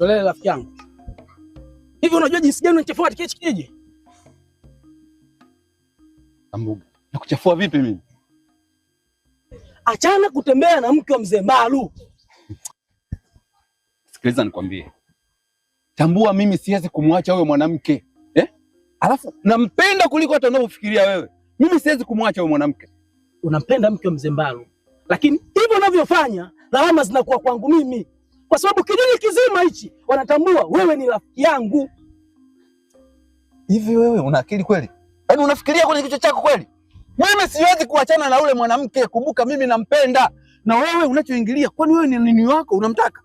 Tolele rafiki yangu. Hivi unajua jinsi gani unachafua katika hichi kijiji? Ambuga, kuchafua vipi mimi? Achana kutembea na mke wa mzee Mbalu. Sikiliza nikwambie. Tambua mimi siwezi kumwacha huyo mwanamke. Eh? Alafu nampenda kuliko hata unavyofikiria wewe. Mimi siwezi kumwacha huyo mwanamke. Unampenda mke wa mzee Mbalu. Lakini hivyo unavyofanya lawama zinakuwa kwangu mimi kwa sababu kijiji kizima hichi wanatambua wewe ni rafiki yangu. Hivi wewe una akili kweli? Yaani unafikiria kwenye kichwa chako kweli? Mimi siwezi kuachana na ule mwanamke, kumbuka mimi nampenda. Na wewe unachoingilia, kwani wewe ni nini wako? Unamtaka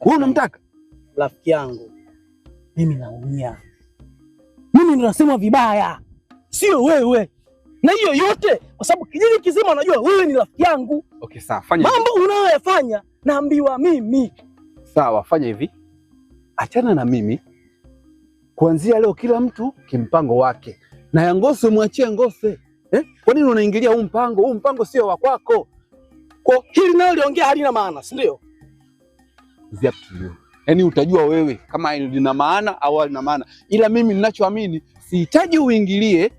wewe, unamtaka rafiki yangu? Mimi naumia, mimi ninasema vibaya, sio wewe na hiyo yote kwa sababu kijiji kizima unajua wewe ni rafiki yangu. Okay, sawa, fanya mambo unayoyafanya naambiwa mimi. Sawa, fanya hivi, achana na mimi kuanzia leo, kila mtu kimpango wake, na ya Ngose mwachie Ngose eh? Kwa nini unaingilia huu mpango? Huu mpango sio wa kwako, kwa hili nalo liongea halina maana, si ndio? Yaani utajua wewe kama lina maana au halina maana, ila mimi ninachoamini sihitaji uingilie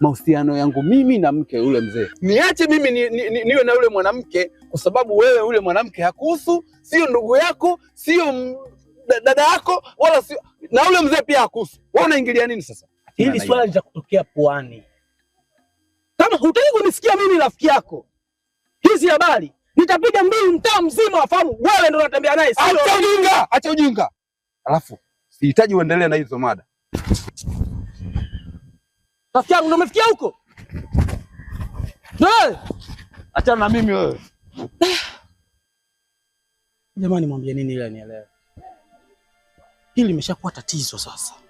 mahusiano yangu mimi na mke yule mzee, niache mimi ni, ni, ni, niwe na yule mwanamke, kwa sababu wewe yule mwanamke hakuhusu, sio ndugu yako, sio dada yako, wala sio na yule mzee pia hakuhusu. Wewe unaingilia nini sasa? Hili swala kutokea puani. Kama hutaki kunisikia mimi rafiki yako hizi habari, nitapiga mbili mtaa mzima wafahamu wewe ndio unatembea naye. Acha ujinga, acha ujinga, alafu sihitaji uendelee na hizo mada. Rafiki yangu ndio umefikia huko? Ndio eh! Achana na mimi wewe. Jamani mwambie nini ili nielewe. Hili limeshakuwa tatizo sasa.